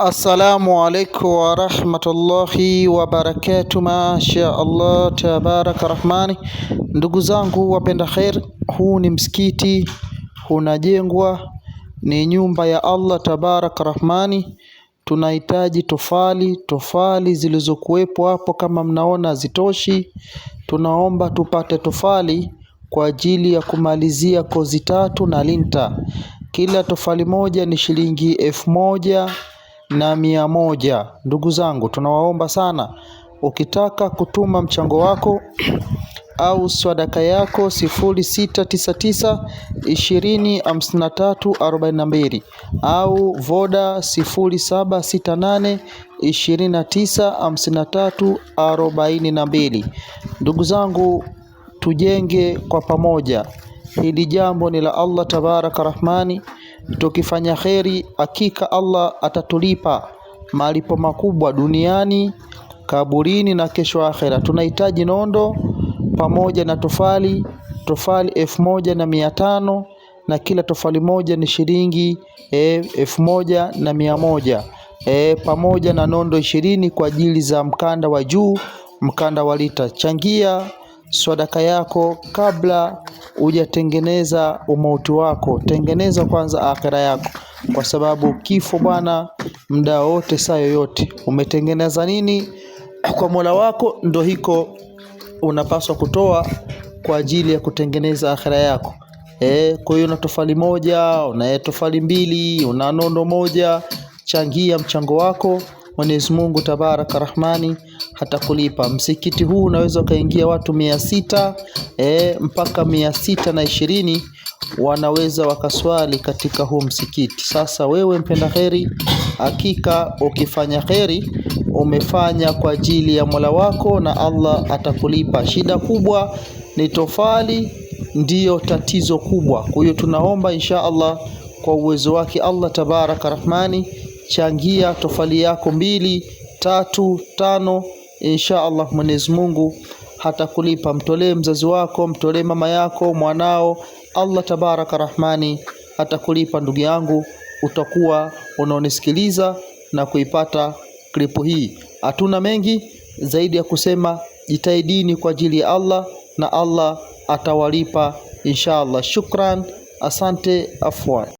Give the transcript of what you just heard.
Assalamu alaikum warahmatullahi wabarakatu. Masha Allah tabaraka rahmani. Ndugu zangu wapenda khair, huu ni msikiti unajengwa, ni nyumba ya Allah tabaraka rahmani. Tunahitaji tofali, tofali zilizokuwepo hapo kama mnaona zitoshi tunaomba tupate tofali kwa ajili ya kumalizia kozi tatu na linta. Kila tofali moja ni shilingi elfu moja na mia moja. Ndugu zangu, tunawaomba sana, ukitaka kutuma mchango wako au swadaka yako 0699 20 53 42 au voda 0768 arobaini na mbili Ndugu zangu, tujenge kwa pamoja, hili jambo ni la Allah tabaraka rahmani tukifanya kheri, hakika Allah atatulipa malipo makubwa duniani, kaburini na kesho akhera. Tunahitaji nondo pamoja na tofali, tofali elfu moja na mia tano na kila tofali moja ni shilingi e, elfu moja na mia moja e, pamoja na nondo ishirini kwa ajili za mkanda wa juu, mkanda wa lita. Changia swadaka yako kabla hujatengeneza umauti wako. Tengeneza kwanza akhira yako, kwa sababu kifo bwana, muda wote, saa yoyote. Umetengeneza nini kwa Mola wako, ndo hiko unapaswa kutoa kwa ajili ya kutengeneza akhira yako. E, kwa hiyo una tofali moja, una tofali mbili, una nondo moja, changia mchango wako. Mwenyezi Mungu Tabaraka Rahmani hatakulipa. Msikiti huu unaweza ukaingia watu mia sita e, mpaka mia sita na ishirini wanaweza wakaswali katika huu msikiti. Sasa wewe mpenda kheri, hakika ukifanya kheri umefanya kwa ajili ya Mola wako na Allah atakulipa. Shida kubwa ni tofali, ndiyo tatizo kubwa. Kwa hiyo tunaomba insha Allah kwa uwezo wake Allah Tabaraka Rahmani changia tofali yako mbili tatu tano, insha allah Mwenyezi Mungu hatakulipa. Mtolee mzazi wako, mtolee mama yako, mwanao, Allah tabaraka rahmani atakulipa. Ndugu yangu, utakuwa unaonisikiliza na kuipata klipu hii. Hatuna mengi zaidi ya kusema, jitahidini kwa ajili ya Allah na Allah atawalipa insha allah. Shukran, asante, afwan.